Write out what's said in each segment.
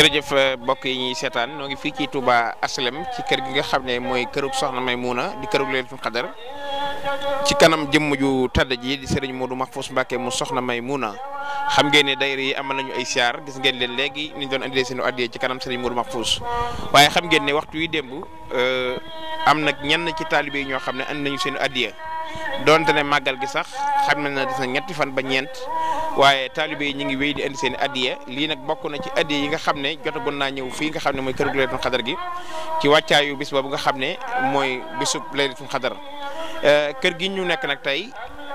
jërëjëf euh, mbokk yi ñuy seetaan ñoo ngi fii ci Touba Aslem ci kër gi nga xam ne mooy kërug soxna may Maymuna di kërug Laylatul Qadar ci kanam jëmm ju tàdd ji di sëriñ Modou Mahfous Mbacké mu soxna Maymuna xam ngeen ne daayira yi amal nañu ay siyaar gis ngeen leen léegi niñ doon indilee seenu addiya ci kanam sëriñ Modou Mahfous waaye xam ngeen ne waxtu wi démb euh, am nag ñenn ci taalibe yi ñoo xam ne andi nañu seenu addiya donte ne màggal gi sax xam na des na ñetti fan ba ñeent waaye taalibe yi ñu ngi wéy di indi seen i addiya lii nag bokk na ci addiya yi nga xam ne jotagoon naa ñëw fii nga xam ne mooy kër gu laylatul xadar gi ci wàccaayu bis boobu nga xam ne mooy bisub laylatul xadar euh, kër gi ñu nekk nag tey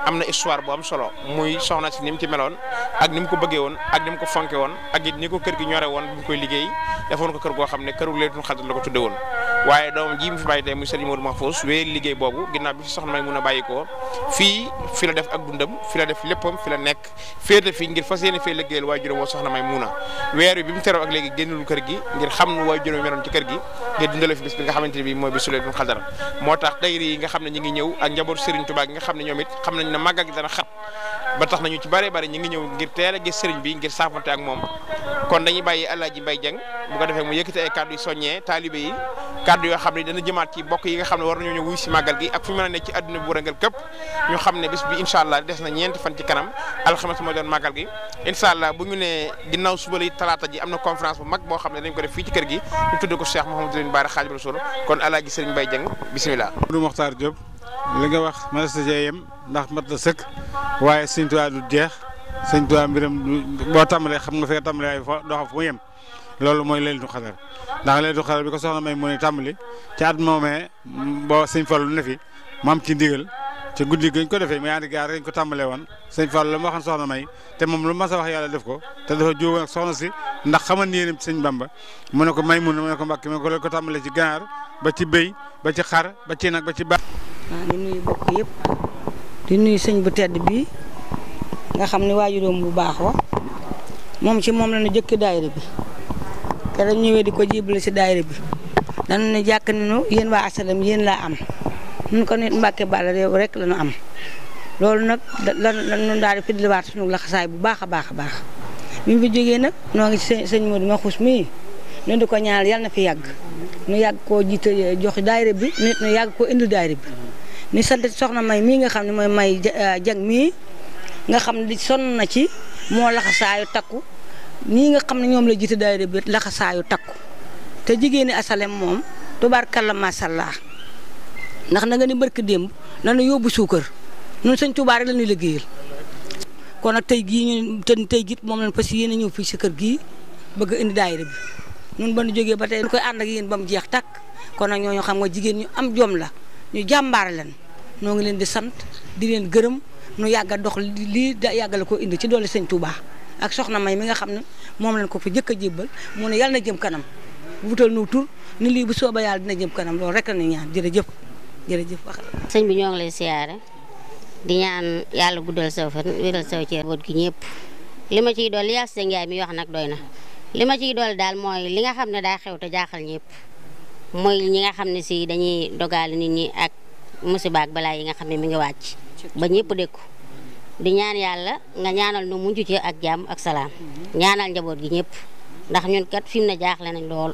am na histoire bu am solo muy soxna si ni mu ci meloon ak ni mu ko bëggee woon ak ni ko fonke woon ak it ni ko kër gi ñoree woon bu ñu koy liggéey defoon ko kër goo xam ne këru Laylatul Qadr la ko tudde woon waaye doom ji mu fi bàyyi tey muy Serigne Modou Mahfous wéyal liggéey boobu ginnaaw bi fi soxna may mun a bàyyi ko fii fi la def ak dundam fi la def léppam fi la nekk féete fi ngir fas yéene fee liggéeyal waajuram woo soxna may mun a weer bi mu teroo ak léegi kër gi ngir xam nu waajuram meroon ci kër gi ngir dundale fi bis nga xamante ne bi mooy bisu Laylatul Qadr moo tax dayra yi xam ne ñi ngi ñëw ak njaboot Serigne Touba gi nga xam ne ñoom it xam nañ ne màggal gi dana xat ba tax nañu ci bare bare ñi ngi ñëw ngir teel a gis sëriñ bi ngir saafante ak moom kon dañuy bàyyi Alaaji Mbay Jeng bu ko defee mu yëkkati ay kàddu yu soññee kàddu yoo xam ne dana jëmaat ci bokk yi nga xam ne war nañoo ñëw wuy si màggal gi ak fu ñu mën a nekk ci àdduna bu wërëngal képp ñu xam ne bis bi incha allah des na ñeenti fan ci kanam alxames mooy doon màggal gi incha allah bu ñu nee ginnaaw suba lay talaata ji am na conférence bu mag boo xam ne dañ ko def fii ci kër gi ñu tudd ko Cheikh Mouhamadou Lamine Bara Khadimou Rassoul kon alaaji Serigne Mbaye Dieng bisimilah. Modou Mokhtar Diop li nga wax ma yem ndax mat la sëkk waaye Sëñ Tuubaa du jeex Sëñ Tuubaa mbiram boo tàmbalee xam nga fee tàmbalee ay fo loolu mooy leeltu xadar ndax leeltu xadar bi ko soxna may mu ne tàmbali ci at moomee boo sëñ Fallu ne fi maam am ci ndigal ci guddi gañ ko defee mu yaandi gaar gañ ko tàmbalee woon sëñ Fallu la mu waxoon soxna may te moom lu ma a wax yàlla def ko te dafa jóoboon ak soxna si ndax xaman yéenam ci sëñ Bamba mu ne ko may mu ne ko mbàkk mu ko ko tàmbalee ci ganaar ba ci béy ba ci xar ba ci nag ba ci ba waaw di nuyu bokk yëpp di nuyu sëñ bu tedd bi nga xam ne waajuróom bu baax wa moom ci moom la ñu jëkki daayira bi te dañ ñëwee di ko jibale si daayira bi dañu ne jàkk nañu yéen waa asalam yéen laa am ñun ko nit Mbàkke Balla réew rek la am loolu nag lan daal di fidliwaat suñu laxasaay bu baax a baax a baax bi fi jógee nag noo ngi si sëñ ma Maxuus mii ñu di ko ñaar yal na fi yàgg ñu yàgg koo jiite jox daayira bi nit yàgg koo indi daayira bi ñu sant soxna May mii nga xam ne mooy May Jang mii nga xam ne sonn na ci moo laxasaayu takku nii nga xam ne ñoom la jiite daayira bi laxasaayu takku te jigéeni asalem moom tubaarkalla masallaa ndax na nga ni barki démb nanu yóbbu suukar ñun sëñ Tuubaa rek la ñuy liggéeyal kon nag tey gii ñu te tey jii moom lañ fas yéene ñëw fii si kër gii bëgg indi daayira bi ñun ba ñu jógee ba tey ñu koy ànd ak yéen ba mu jeex takk kon nag ñooñu xam nga jigéen ñu am jom la ñu jàmbaar leen ñoo ngi leen di sant di leen gërëm ñu yàgg dox lii da yàgg ko indi ci doole sëñ Tuubaa ak soxna May mi nga xam ne moom lañ ko fa jëkk a jébbal mu ne yàlla na jëm kanam wutal nu tur ni lii bu sooba yàlla dina jëm kanam loolu rek la ñuy ñaan jërëjëf jërëjëf waxal. sëñ bi ñoo ngi lay siyaare di ñaan yàlla guddal saw fan wéral saw ci wot gi ñëpp li ma ciy dool li yàlla sëñ Njaay mi wax nag doy na li ma ciy dool daal mooy li nga xam ne daa xew te jaaxal ñëpp mooy ñi nga xam ne si dañuy dogaale nit ñi ak musiba ak balaa yi nga xam ne mi ngi wàcc ba di ñaan yàlla nga ñaanal nu mujj ci ak jàmm ak salaam ñaanal njaboot gi ñëpp ndax ñun kat fi mu ne jaaxle nañ lool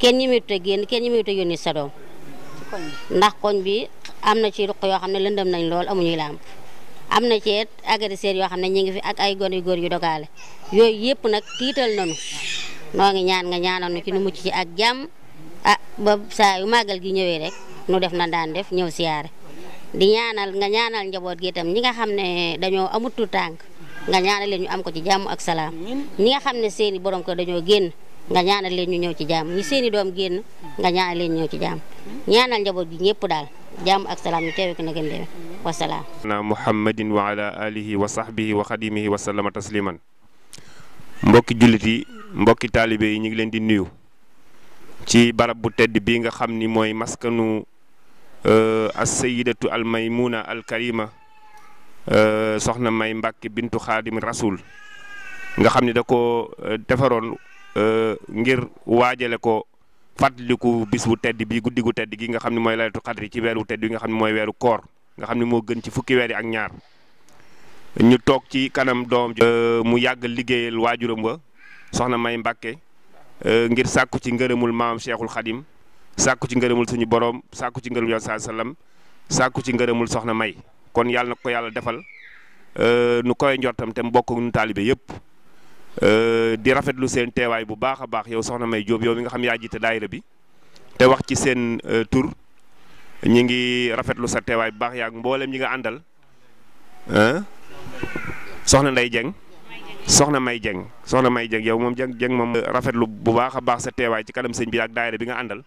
kenn ñemewut a génn kenn ñemewut a yónni sa doom ndax koñ bi am na ci ruq yoo xam ne lëndëm nañ lool amuñuy làmp am na ci it agresseur yoo xam ne ñu ngi fi ak ay gone yu góor yu dogaale yooyu yëpp nag tiital nañu noo ngi ñaan nga ñaanal nu ci nu mucc ci ak jàmm a ah, ba saa yu màggal gi ñëwee rek nu def na daan def ñëw siyaare di ñaanal nga ñaanal njaboot gi itam ñi nga xam ne dañoo amut tànk nga ñaanal leen ñu am ko ci jàmm ak salaam ñi nga xam ne seeni borom ko dañoo génn nga ñaanal leen ñu ñëw ci jàmm ñi seeni doom génn nga ñaanal leen ñëw ci jàmm ñaanal njaboot gi ñëpp daal jàmm ak salaam ñu teewe ko na gën dewe wa salaam na muhammadin wa ala alihi wa sahbihi wa xadimihi wa sallama tasliman mbokki jullit yi mbokki taalibe yi ñu ngi leen di nuyu ci barab bu tedd bi nga xam ni mooy maskanu as-sayyidatu al-maymuna al-karima soxna May Mbàkke bintu rasul nga xamni da ko defaroon ngir waajale ko fatliku bisbu wu tedd bi guddigu gu tedd gi nga xamni moy laylatul ci wéru tedd nga xamni moy wéru koor nga xamni mo gën ci fukki wéri ak ñaar ñu tok ci kanam dom mu yag liggéeyal wajuram wa soxna May Mbàkke ngir sàkku ci ngërëmul maam Cheikhul khadim sàkku ci ngërëmul suñu boroom sàkku ci ngërëm yoon saa sallam sàkku ci ngërëmul soxna May kon yàlla na ko yàlla defal euh, nu koy njortam te mbokk nu taalibe yëpp euh, di rafetlu seen teewaay bu baax a baax yow soxna May Jóob yow mi nga xam yaa jiite daayira bi te wax ci seen euh, tur ñi ngi rafetlu sa teewaay bu baax yaa mboolem ñi nga àndal soxna Ndey Jeng soxna May Jeng soxna May Jeng yow moom Jeng Jeng moom rafetlu bu baax a baax sa teewaay ci kanam sëñ bi ak daayira bi nga àndal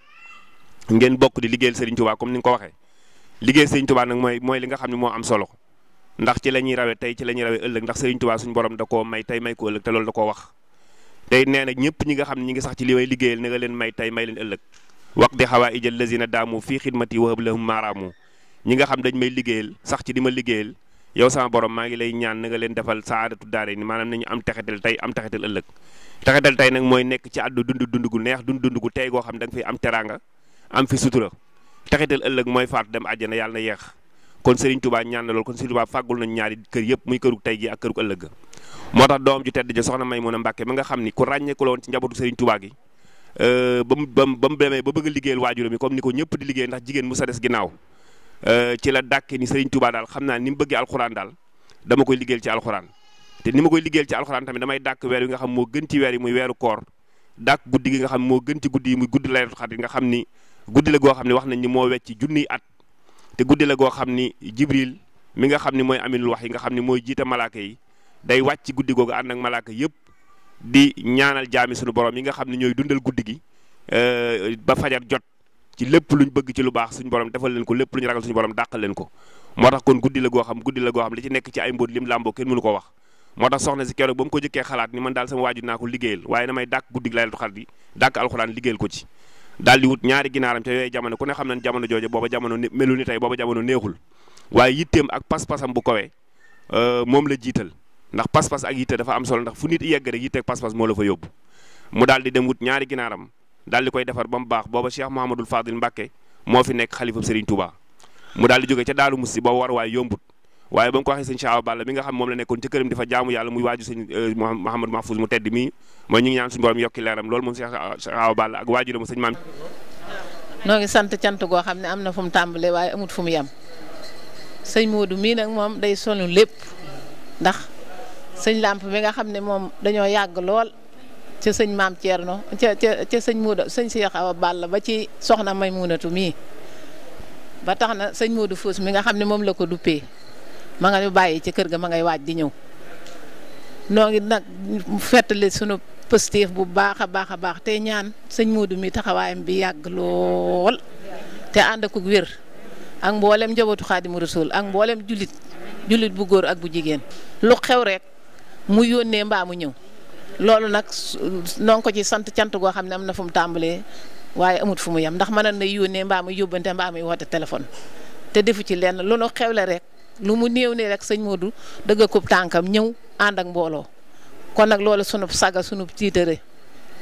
ngeen bokk di liggéeyal Serigne Touba comme ni nga ko waxee liggéey Serigne Touba nag mooy li nga xam ne moo am solo ndax ci la ñuy rawee tey ci la ñuy rawee ëllëg ndax Serigne Touba suñu borom da koo may tey may ko ëllëg te loolu da koo wax tey ñëpp ñi nga xam ne ñi ngi sax ci li may liggéeyal na nga leen may tey may leen ëllëg wax di xawaa ijal lazina daamu fii xidmati wa hab lahum maaraamu ñi nga xam dañ may liggéeyal sax ci di ma liggéeyal yow sama borom maa ngi lay ñaan na nga leen defal saadatu daare ni maanaam nañu am texetal tey am texetal ëllëg texetal tey nag mooy nekk ci àddu dund dund gu neex dund dund gu tey goo xam da nga am teraanga am fi sutura taxital ëllëg mooy faatu dem àjjana yàlla na yeex kon Serigne Touba ñaan na lool kon Serigne Touba fàggul nañ ñaari kër yëpp muy kërug tey gi ak kërug ëllëg ni ku ràññeeku la euh, a liggéeyal euh, la dàkke ni Serigne Touba daal moo gën ci weer yi muy weeru koor dàkk guddi gi nga xam moo gën ci guddi yi muy guddi laylatul xadr nga xam ni guddi la goo xam ne wax nañ ni moo wecc junniy at te guddi la goo xam ni jibril mi nga xam ni mooy aminul wax yi nga xam ni mooy jiite malaaka yi day wàcc ci guddi googu ànd ak malaaka yëpp di ñaanal jaami suñu borom yi nga xam ne ñooy dundal guddi gi euh, ba fajar jot ci lépp luñ bëgg ci lu baax suñu borom defal leen ko lépp luñ ragal suñu borom dàqal leen ko moo tax kon guddi la goo xam guddi la goo xam li ci nekk ci ay mbóot lim làmboo kenn mënu tax soxna si keroog ko jëkkee xalaat ni man daal sama waaju naa ko liggéeyal waaye damay dàkk guddi gi ko ci daal di wut ñaari ginaaram te yooyu jamono ku ne xam na nañ jamono jooju booba jamono melu ni tey booba jamono neexul waaye yitteem ak pas-pasam bu kawe euh, moom la jiital ndax pas-pas ak yitte dafa am solo ndax fu nit yegg rek yitteeg pas-pas moo la fa yóbbu mu daal di dem wut ñaari ginaaram dal di koy defar ba mu baax booba Cheikh Mouhamadul Fadil Mbacke moo fi nekk xalifam Serigne Touba mu daal di jóge ca Daaru Musi booba war waay yombut waaye ba mu ko waxee sëñ Cheikh Balla mi nga xam moom la nekkoon ci këram di fa jaamu yàlla muy waaju sëñ euh, Mouhamadou Mahfouz mu tedd mii mooy ñu ngi ñaan suñu borom yokki leeram loolu moom Cheikh Awa Balla ak waajuramu ngi sant cant goo xam ne am na fu mu tàmbalee waaye amut fu mu yem sëñ mii nag moom day sonu lépp ndax sëñ làmp mi nga xam ne moom dañoo yàgg lool ca sëñ maam Thierno ca ca ca sëñ Modou sëñ Cheikh Balla ba ci soxna may Maymunatu mii ba tax na sëñ Modou Fous mi nga xam ne moom la ko duppee ma nga ñu bàyyi ci kër ga ma ngay waaj di ñëw noo ngi nag fettali sunu positif bu baax a baax a baax te ñaan sëñ Modou mi taxawaayam bi yàgg lool te ànd ak wér ak mboolem njabootu Xaadimu Rasuul ak mboolem jullit jullit bu góor ak bu jigéen lu xew rek mu yónnee mbaa mu ñëw loolu nag noo ko ci sant cant goo xam ne am na fu mu tàmbalee waaye amut fu mu yem ndax mënoon na yónnee mbaa yóbbante mbaa muy téléphone te defu ci lenn lu nu xewle rek. lu mu néew ne rek sëñ Modou dëgg ko tànkam ñëw ànd ak mbooloo kon nag loolu sunu saga sunu tiitare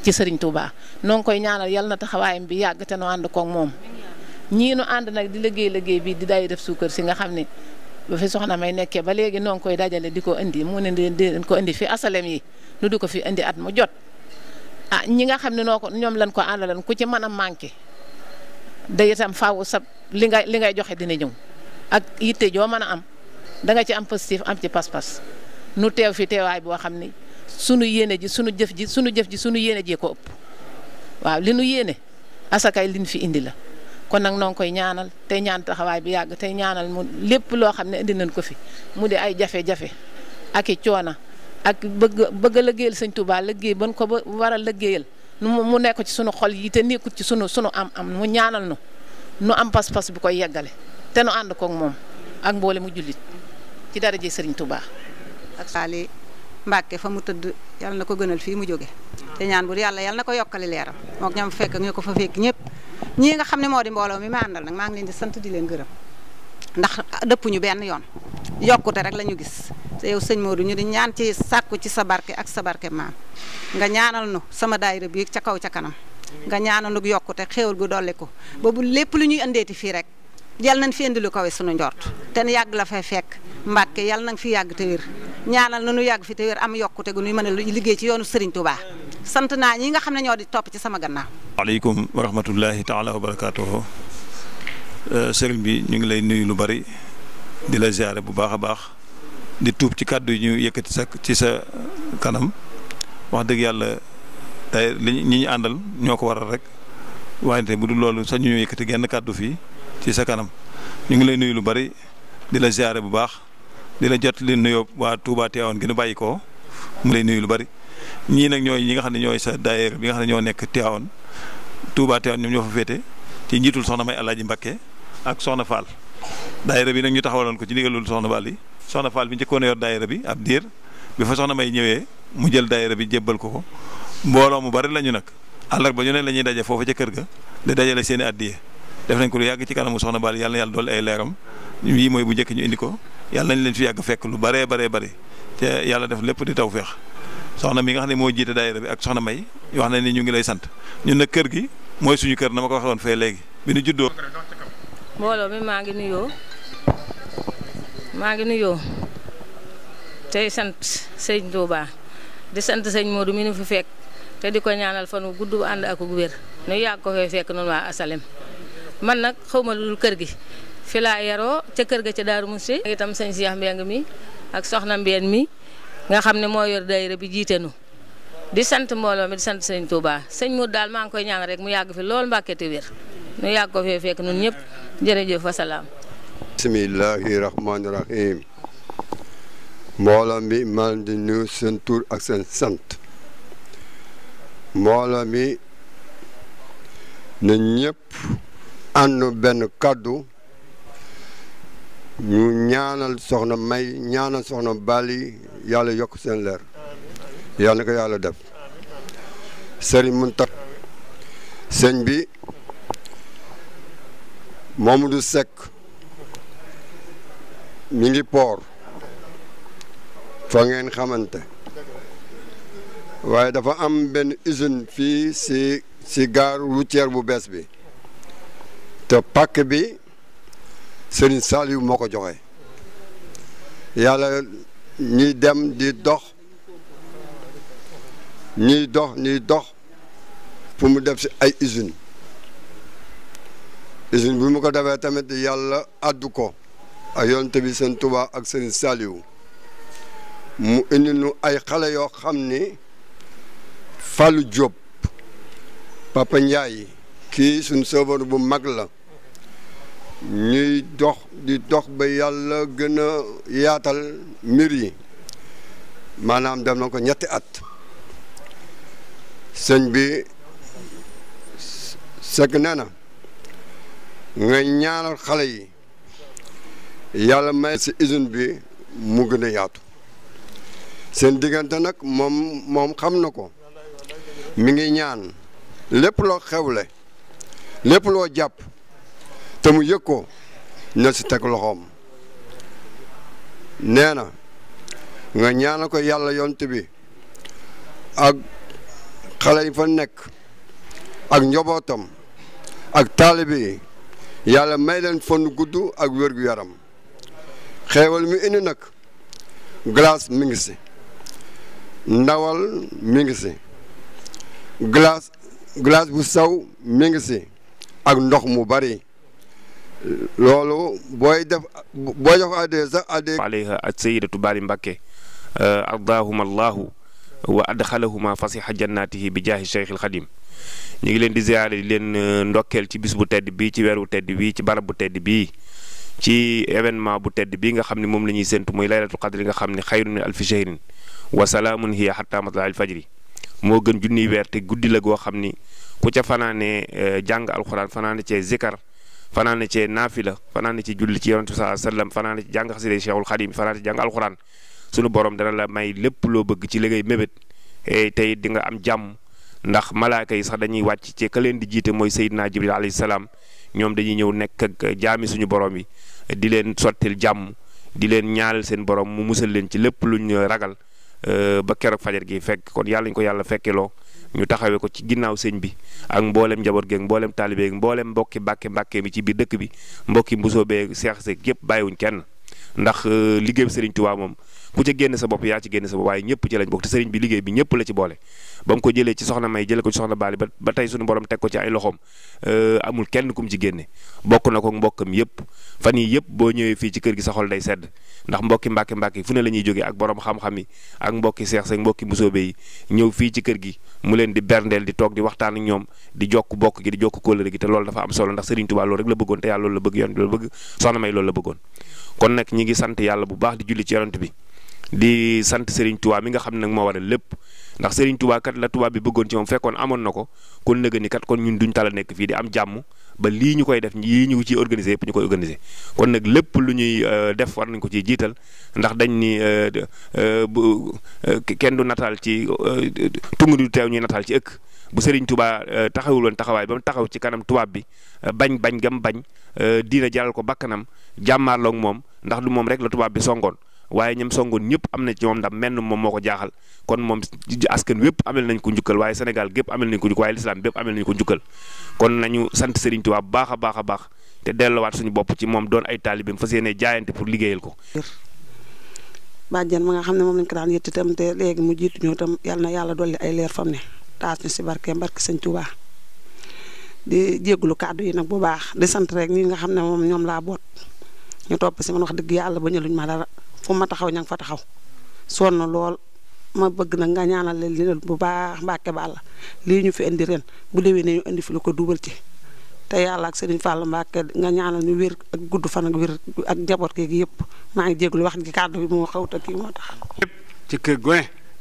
ci sëriñ Touba noo ngi koy ñaanal yal na taxawaayam bi yàgg te nu ànd koog moom. ñii nu ànd nag di liggéey liggéey bii di day def suukar si nga xam ne ba fi soxna may nekkee ba léegi noo ngi koy dajale di ko indi mu ne di ko indi fi asalem yi nu di ko fi indi at mu jot. ah ñi nga xam ne noo ko ñoom lañ ko ànd leen ku ci mën a manqué day itam faaw sa li nga li ngay joxe dina ñëw. ak yitte joo mën a am da nga ci am positif am ci pas-pas nu teew fi teewaay boo xam ni sunu yéene ji sunu jëf ji sunu jëf ji sunu yéene jee ko ëpp waaw li nu yéene asakaay liñ fi indi la kon nag noo ngi koy ñaanal tey ñaan taxawaay bi yàgg tey ñaanal mu lépp loo xam ne indi nañ ko fi mu di ay jafe-jafe ak i coona ak bëgg bëgg a lëggéeyal sëñ Touba lëggéey ban ko ba war a lëggéeyal mu nekk ci sunu xol yi te nekkut ci sunu sunu am am mu ñaanal nu nu am pas-pas bu koy yeggale te nu ànd koog moom ak mboole mu jullit ci daraje sëriñ Touba. ak Saali Mbàkke fa mu tëdd yàlla na ko gënal fii mu jóge te ñaan bu yàlla yalla na ko yokkali leeram mook ñam fekk ak ñu ko fa fekk ñëpp ñii nga xam ne moo di mbooloo mi ma àndal nag maa ngi leen di sant di leen gërëm ndax dëppuñu benn yoon yokkute rek la ñu gis te yow sëñ Modou ñu di ñaan ci sàkku ci sa barke ak sa barke maam nga ñaanal nu sama daayira bi ca kaw ca kanam nga ñaanal nu yokkute xéewal yal nañ fi indi lu kawe sunu njort te yàgg la fay fekk Mbàkke yal nañ fi yàgg te wér ñaanal na nu yàgg fi te am yokkute gu nuy mën liggéey ci yoonu Serigne Touba sant naa ñi nga xam ne ñoo di topp ci sama gannaaw. waaleykum wa rahmatullahi taala wa barakaatuhu euh, sëriñ bi ñu ngi lay nuyu lu bari di la ziare bu baax a baax di tuub ci kàddu yi ñu yëkkati sa ci sa kanam wax dëgg yàlla tey ñi ñu àndal ñoo ko waral rek waaye bu du loolu sax ñu yëkkati genn kàddu fii. ci sa kanam ñu ngi lay nuyu lu bari di la ziare bu baax di la jot li nuyoo waa Touba Tivaouane gi nu bàyyi ko mu lay nuyu lu bari ñii nag ñooy ñi nga xam ne ñooy sa daayira bi nga xam ne ñoo nekk Tivaouane Touba Tivaouane ñoom ñoo fa féete ci njiitul soxna may Alaaji Mbakke ak soxna Fall daayira bi nag ñu taxawaloon ko ci ndigalul soxna Fall yi soxna Fall bi njëkkoon a yor daayira bi ab diir bi fa soxna may ñëwee mu jël daayira bi jébbal ko ko mbooloo mu bari lañu nag àllarba ñu ne la ñuy daje foofu ca kër ga di dajale seeni addiye def nañ ko lu yàgg ci kanamu soxna Bally yàlla na yàlla dolli ay leeram yii mooy bu njëkk ñu indi ko yàlla nañ leen fi yàgg fekk lu baree baree bare te yàlla def lépp di taw feex soxna mi nga xam ne moo jiite daayira bi ak soxna May wax nañ ni ñu ngi lay sant ñun nag kër gi mooy suñu kër na ma ko waxee woon fee léegi bi ñu juddoo. mbooloo mi maa ngi nuyoo maa ngi nuyoo tey sant sëñ Touba di sant sëñ Modou mi nu fi fekk te di ko ñaanal fan wu gudd bu ànd ak gu nu yàgg man nak xawma lu dul kër gi fi la yaro ci kër ga ci daru Musi itam sëñ Cheikh Mbeng mi ak soxna mbien mi nga xamne mo yor daayira bi jiite nu di sante mbolo mi di sante sëñ Touba sëñ Mour dal ma ngi koy ñaan rek mu yag fi lol te nu yag ko nun rahim mbolo mi mal di tour ak seen sant mbolo mi na ñep ànd benn kàddu ñu ñaanal soxna may ñaanal soxna Bali yàlla yokk seen leer yàlla ko yàlla def sëriñ Muntax sëñ bi du Seck mi ngi poor fa ngeen xamante waaye dafa am benn usine fii si si gare routière bu bees bi te pàkk bi Serigne Saliou moo ko joxe yàlla ñuy dem di dox ñuy dox ñuy dox pour mu def si ay usine usine bi mu ko defee tamit yàlla addu ko ak yonte bi seen Tuubaa ak Serigne Saliou mu indi nu ay xale yoo xam ni Fallou Diop Papa Ndiaye kii sun sëbër bu mag la ñuy dox di dox ba yàlla gën a yaatal mbir yi maanaam dem na ko ñetti at sëñ bi sekk nee nga ñaanal xale yi yàlla may si usine bi mu gën a yaatu seen diggante nag moom xam na ko mi ngi ñaan lépp loo xewle lépp loo jàpp te mu yëg ko na teg loxoom nee na nga ñaana ko yàlla yont bi ak xale yi fa nekk ak njobootam ak taalibe yi yàlla may leen fond gudd ak wér-gu-yaram xeewal mi indi nag glace mi ngi si ndawal mi ngi si glace bu saw mi ngi si ak ndox mu bari loolu booy def booy def addiya sax addiya alayha ak sayidatu baali mbàkke ardaahuma allahu wa adxalahuma fasiha jannatihi bi jaahi cheikh al xadim ñu ngi leen di ziyaare di leen ndokkeel ci bis bu tedd bii ci weer bu tedd bii ci barab bu tedd bii ci événement bu tedd bii nga xam ne moom la ñuy séntu muy laylatul qadri nga xam ne xayru min alfi shahrin wa salaamun hiya xatta matla al fajri moo gën junniy weer te guddi la goo xam ni ku ca fanaanee jàng alxuraan fanaane cee zikar fanaan na ci naafila fanaan na ci julli ci yonent bi sallallahu alayhi fanaan na ci jàng xasida Cheikhul Xadim fanaan na ci jàng alxuraan sunu borom dana la may lépp loo bëgg ci liggéey mébét e, tey di nga am jàmm ndax malaaka yi sax dañuy wàcc ci ka leen di jiite mooy Seydina Jibril alayhi salaam ñoom dañuy ñëw nekk jaami suñu boroom yi di leen sottil jàmm di leen ñaal seen borom mu musal leen ci lépp lu luñ ragal e, ba keroog fajar gi fekk kon yàlla ñu ko yàlla fekkeloo ñu taxawee ko ci ginnaaw sëñ bi ak mboolem njaboot geeg mboolem taalibe geeg mboolem mbokki mbàkke mbàkke mi ci biir dëkk bi mbokki mbusoo beeg seex seeg yépp bàyyiwuñ kenn ndax euh, liggéey bi Serigne Touba moom ku ca génn sa bopp yaa ci génn sa bopp waaye ñëpp ci lañ bokk te Serigne bi liggéey bi ñëpp la ci boole ba mu ko jëlee ci soxna May jëlee ko ci soxna Baali ba ba tey suñu borom teg ko ci ay loxoom euh, amul kenn kum ci génne bokk na ko mbokkam yëpp fan yi yëpp boo ñëwee fii ci kër gi sa day sedd ndax mbokki mbàkke mbàkke fu ne la ñuy jógee ak borom xam-xam yi ak mbokki seex sa mbokki musóobe yi ñëw fii ci kër gi mu leen di berndeel di toog di waxtaan ak ñoom di jokk bokk gi di jokk te loolu dafa am solo ndax Serigne Touba loolu rek la bëggoon te yàlla loolu la bëgg yoon loolu bëgg soxna May loolu la bëggoon kon nag ñi ngi sant yàlla bu baax di julli ci yonent bi di sant Serigne Touba mi nga xam ne nag moo waral lépp ndax Serigne tubaakat la tubaab bi bëggoon ci moom fekkoon amoon na ko kon nëgë ni kat kon ñun duñ tala nekk fii di am jàmm ba lii ñu koy def yii ñu ci organisé yëpp ñu koy organisé kon nag lépp lu ñuy euh, def war nañ ko ciy jiital ndax dañ ni euh, euh, bu kenn du nataal ci tungu du teew ñuy nataal ci ëkk. bu Serigne Touba euh, taxawul woon taxawaay ba mu taxaw ci kanam tubaab bi euh, bañ bañ gam bañ euh, diina jaral ko bakkanam jàmmaarloog moom ndax du moom rek la tubaab bi songoon waaye ñoom songoon ñëpp am na ci moom ndam menn moom moo ko jaaxal kon moom askan wépp amel nañ ko njukkal waaye Sénégal gépp amel nañ ko njukkal waaye lislaam bépp amel nañ ko njukkal kon nañu sant Serigne Touba bu baax a baax a baax te delluwaat suñu bopp ci moom doon ay taalibeem fas yéene jaayante pour liggéeyal ko. bàjjan ma nga xam ne moom lañ ko daan yëtt itam te léegi mu jiitu ñëw itam yàlla na yàlla dolli ay leer fam ne taas ñu si barke sëñ Touba di jégalu kàddu yi nag bu baax di sant rek ñi nga xam mom moom la laa boot ñu topp si man wax dëgg yàlla ba ñëluñ ma dara fu ma taxaw ña nga fa taxaw sonn lool ma bëgg nag nga ñaanal leen bu baax Mbàkke baal la ñu fi indi ren bu déwénee ñu indi fi lu ko duubal ci te yàlla ak Serigne Fallou Mbacke nga ñaanal ñu wér ak gudd fan ak wér ak njaboot keeg yëpp ngi wax bi ki mo tax. ci kër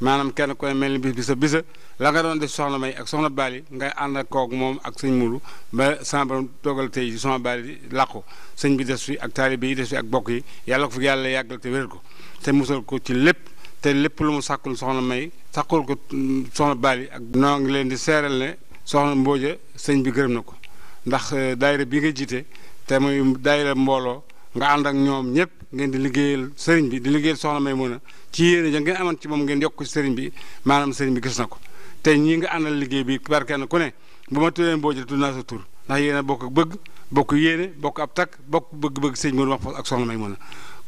maanaam kenn ku ne mel ni bis bi sa bisa la nga doon def soxna may ak soxna baali nga ànd ak kook moom ak sëñ mulu ba sama borom dogal tey soxna baali làqu sëñ bi des fi ak taalibe yi des fi ak bokk yi yàlla ko fi yàlla yàggal te wér ko te musal ko ci lépp te lépp lu mu sàkkul soxna may sàkkul ko mm, soxna baali ak noo ngi leen di seeral ne soxna mbooja sëñ bi gërëm na ko ndax euh, daayira bi nga jiite te muy daayira mbooloo nga ànd ak ñoom ñëpp ngeen di liggéeyal sëriñ bi di liggéeyal soxna Maymuna ci yéene ja ngeen amoon ci moom ngeen yokk ci sëriñ bi maanaam sëriñ bi gis na ko te ñi nga àndal liggéey bi barkeen ku ne bu ma tuddee Mbodj tudd naa tur ndax yéen a bokk bëgg bokk yéene bokk ab takk bokk bëgg-bëgg sëñ Modou Mahfouz ak soxna Maymuna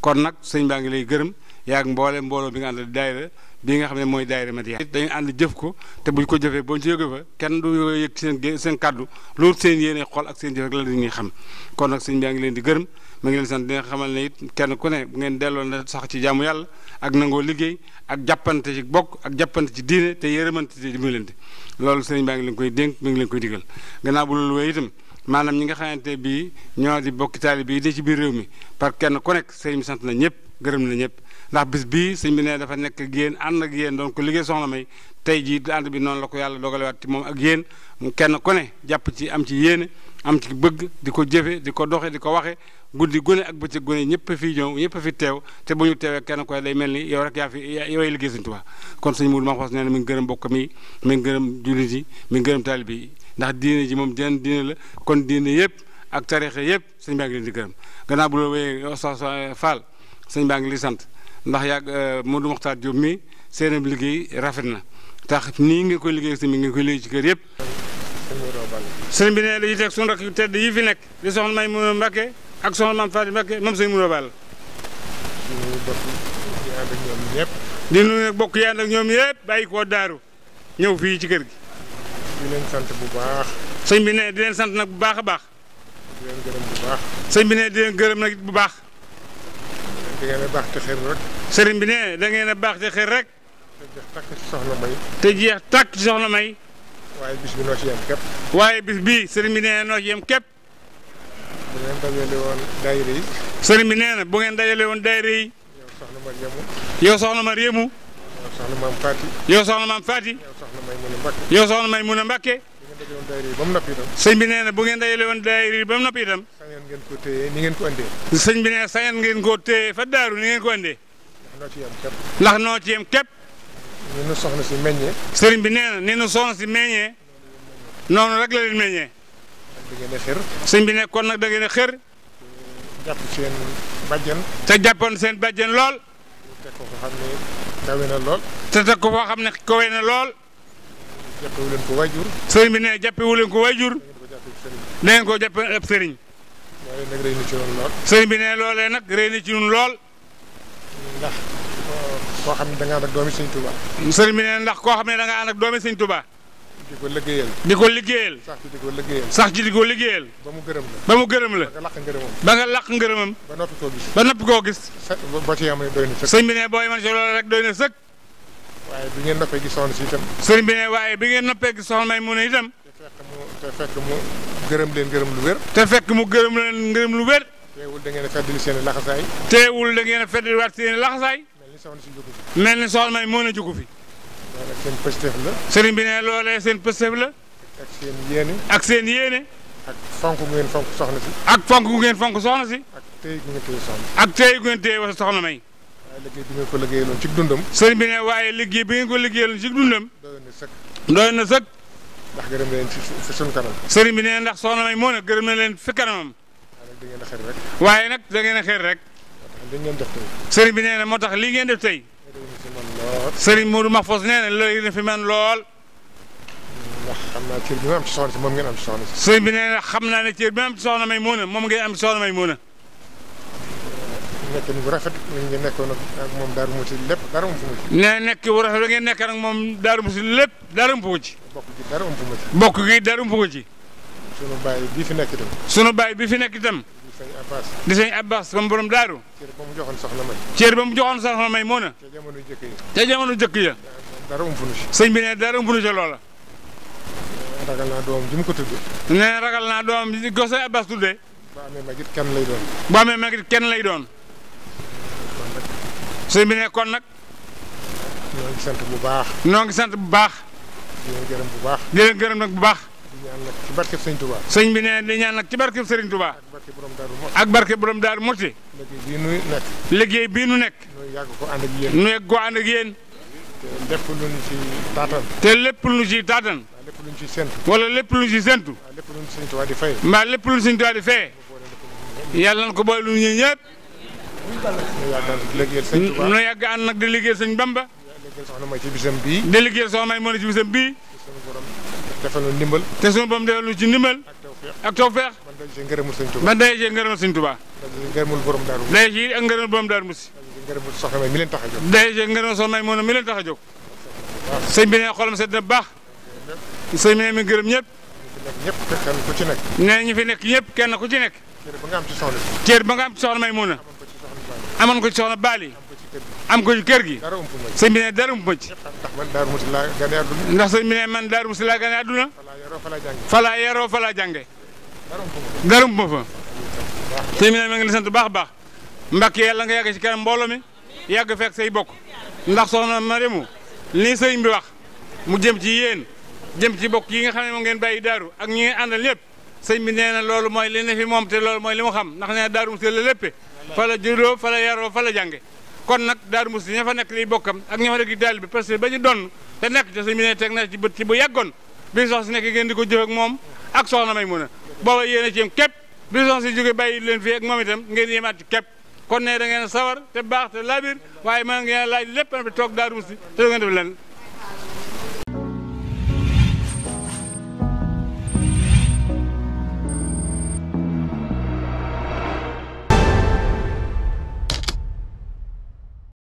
kon nag sëñ baa ngi lay gërëm yaa ngi mboole mbooloo bi nga àndal daayira bi nga xam ne mooy daayira Madiyana dañu ànd jëf ko te buñ ko jëfee boo ci yëge fa kenn du yëg seen kàddu loolu seen yéene xool ak seen jëf rek la dañuy xam kon nag sëñ baa ngi leen di gërëm ma ngi leen sant di nga xamal ne it kenn ku ne bu ngeen delloo sax ci jaamu yàlla ak nangoo liggéey ak jàppante ci bokk ak jàppante ci diine te yërëmante te dimbalante loolu sëriñ baa ngi koy dénk mi ngi leen koy digal gannaaw bu loolu itam maanaam ñi nga xamante bii ñoo di bokki taalibe yi de ci biir réew mi par kenn ku nekk sëriñ bi sant na ñëpp gërëm na ñëpp ndax bis bii sëñ bi nee dafa nekk ak yéen ànd ak yéen doon ko liggéey soxna may tey jii ànd bi noonu la ko yàlla dogalewaat ci moom ak yéen kenn ko ne jàpp ci am ci yéene am ci bëgg di ko jëfe di ko doxe di ko waxe guddi gune ak bëccëg gune ñëpp fi ñëw a fi teew te bu ñu teewee kenn koy day mel ni yow rek yaa fi yooyu liggéey Sëñ Tuubaa kon sëñ Mourou Mahfouz nee na mi ngi gërëm mbokk mi mi ngi moom jenn diine la kon diine yëpp ak tarixa yëpp sëñ baa ngi leen di gërëm gannaaw bu la wéyee Oustaz eh, Fall sëñ baa ngi sant ndax yàgg eh, Modou Mokhtar Diop mi seenam liggéey rafet na tax nii nga koy liggéey sëñ bi nga koy liggéey ci kër yëpp sëñ bi ne dañuy teg suñu rakk yu tedd yi fi nekk di soxna May Muna Mbakke ak soxna maam ma Mbacké moom sëñ Moura Balla. di nuyu nag bokk yi ànd ak ñoom yëpp bàyyi koo daaru ñëw fii ci kër gi. di leen sant bu baax. sëñ bi ne di leen sant nag bu baax a baax. di leen gërëm bi ne di leen nag bu baax. da ngeen a baax te xër rek. sëriñ bi ne da ngeen a baax te xër rek. te jeex tàkk ci soxna May. te jeex tàkk ci soxna May. waaye bis bi noo ci yem waaye bis bii sëriñ bi ne noo ci yem bu ngeen dajale woon daayira yi. sëriñ bi nee bu ngeen dajale woon daayira yi. yow soxna ma yemu. yow soxna ma yemu. yow soxna maam Faati. yow soxna maam Faati. yow a Mbàkke. yow soxna may mun a Mbàkke. sëñ bi nee na bu ngeen dajale woon daayira yi ba mu noppi itam. sañoon bi nee na sañoon ko téye fa daaru ni ngeen ko andee. ndax noo ci yem képp. ndax noo ci yem si meññee. sëriñ bi nee na ni nu soxna si meññee. noonu rek la leen meññee. da ngeen a bi ne kon nag da ngeen a xër. jàpp seen bàjjen. te jàppoon seen bàjjen lool. te ko foo xam ne lool. te teg ko foo xam ne kawe na lool. jàppewu leen ko waajur. sëriñ bi ne jàppewu leen ko waajur. da ngeen ko jàppe ab sëriñ. loolee nag rëy na ci ñun lool. sëriñ bi ne loolee nag rëy na ci ñun lool. ndax koo xam ne da nga ànd ak doomi sëñ Touba. sëriñ bi ndax koo xam ne da nga ànd ak doomi sëñ Touba. di ko liggéeyal. di ko liggéeyal. sax ci di ko liggéeyal. sax ko liggéeyal. ba mu gërëm la. ba mu gërëm la. ba nga làq ngërëmam. ba nga làq ngërëmam. ba noppi koo gis. ba noppi koo gis. boo bi ne boo yemee si loolu rek doy na sëkk. waaye bi ngeen noppee gis soxna si itam. sëñ bi ne waaye may mu ne itam. te fekk mu gërëm leen gërëm lu wér. te fekk mu gërëm leen gërëm lu wér. teewul da ngeen a feddali seen i laxasaay. teewul da ngeen a feddaliwaat seen i laxasaay. mel ni soxna si may mën a jógu fi. seen pëstëf la. sëriñ bi ne loolee seen pëstëf la. ak seen yéene. ak seen yéene. ak fonk ngeen fonk soxna si. ak fonk ngeen fonk soxna si. ak téy gu ngeen téye soxna si. ak téy gu ngeen téye wala soxna may. waaye liggéey bi ngeen ko liggéeyaloon ci dundam. sëriñ bi ne waaye liggéey bi ngeen ko liggéeyaloon ci dundam. doyoon na sëkk. doyoon na sëkk. ndax gërëm na leen fi suñu kanam. sëriñ bi ne ndax soxna may moo ne gërëm na leen fi kanamam. waaye nag da ngeen a xeer rek. waaye nag da ngeen a xeer rek. sëriñ bi nee na moo tax li ngeen def tey سيرين مور محفوظ نين اللي في من لول خمنا تير بمام تشانت مم جنا مشانت سيرين بنين خمنا نتير بمام تشانت ميمونة مم جنا مشانت ميمونة نك ورفت من جنك مم دار موت لب دار موت نك ورفت من جنك مم دار موت لب دار موت بوكو دار موت بوكو دار موت شنو باي بيفنا كتم شنو باي بيفنا كتم sëñ Abbas di sëñ Abbas moom borom daaru cër ba mu joxoon soxna may cër ba mu joxoon soxna may moo na ca jamono jëkk ya ca jamono jëkk ya dara umpunu si sëñ bi ne dara umpunu si loola ragal naa doom ji mu ko tudd ne ragal naa doom ji ko sëñ Abbas tuddee bu amee magit kenn lay doon bu amee magit kenn lay doon sëñ bi ne kon nag noo ngi sant bu baax noo ngi sant bu baax di leen gërëm bu baax di leen gërëm nag bu baax di ñaan nag ci barkeb Serigne Touba. sëñ bi nee di ñaan nag ci barkeb Serigne Touba. ak barke borom Darou Mouti. ak barke borom Darou Mouti. liggéey bii nu nekk. liggéey bii nu nekk. nu yàgg ko ànd te lépp lu ñu ci taatan. te lépp lu ñu ci taatan. mbaa lépp lu ñu Serigne Touba di fay. yàlla na ko boole lu ñu ñëpp. nu yàgg ànd nag di liggéey Serigne Bamba. di liggéey soxna may ci bisam bii. bii defal nu ndimbal te suñu borom defal nu ci ndimbal ak tawfeex man day ci ngërëmul sëñ Touba man day ci ngërëmul sëñ Touba ngërëmul borom daaru day ci ak ngërëmul borom daaru musi ngërëmul soxna may mi leen tax a jóg day ci ngërëmul soxna may moom mi leen tax a jóg sëñ bi ne xolam sedd na baax sëñ bi ne mi gërëm ñëpp ñëpp kenn ku ci nekk nee ñu fi nekk ñëpp kenn ku ci nekk cër ba nga am ci soxna may moona amoon ko ci soxna baali am ko ci kër gi sëñ bi ne darum ump ndax sëñ bi ne man Darum musi laa gane aduna fala yaro fala jange darum ump fa sëñ bi ne ma ngi sant bax bax mbak yalla nga yàgg ci kanam mbolo mi yàgg fek sey bok ndax soxna Marimu li sëñ bi wax mu jëm ci yeen jëm ci bok yi nga xamne mo ngeen bayyi daru ak ñi ngeen àndal sëñ bi na loolu moy li ne fi mom te loolu moy limu xam ndax ne fala jiro fala yaro fala jange kon nag Daaru Musti ña fa nekk liy bokkam ak ña fa nekk daal bi parce que ba ñu doon te nekk te sëñ bi ne teg na ci bët bu yàggoon bi sox si nekk ngeen di ko jëf moom ak soxna may mun a booba yéen a ci yem képp bi sox si jóge bàyyi leen fii ak moom itam ngeen yemaat ci képp kon ne da ngeen sawar te baax te laabir waaye maa ngeen laaj lépp a toog Daaru Musti te du ngeen def leen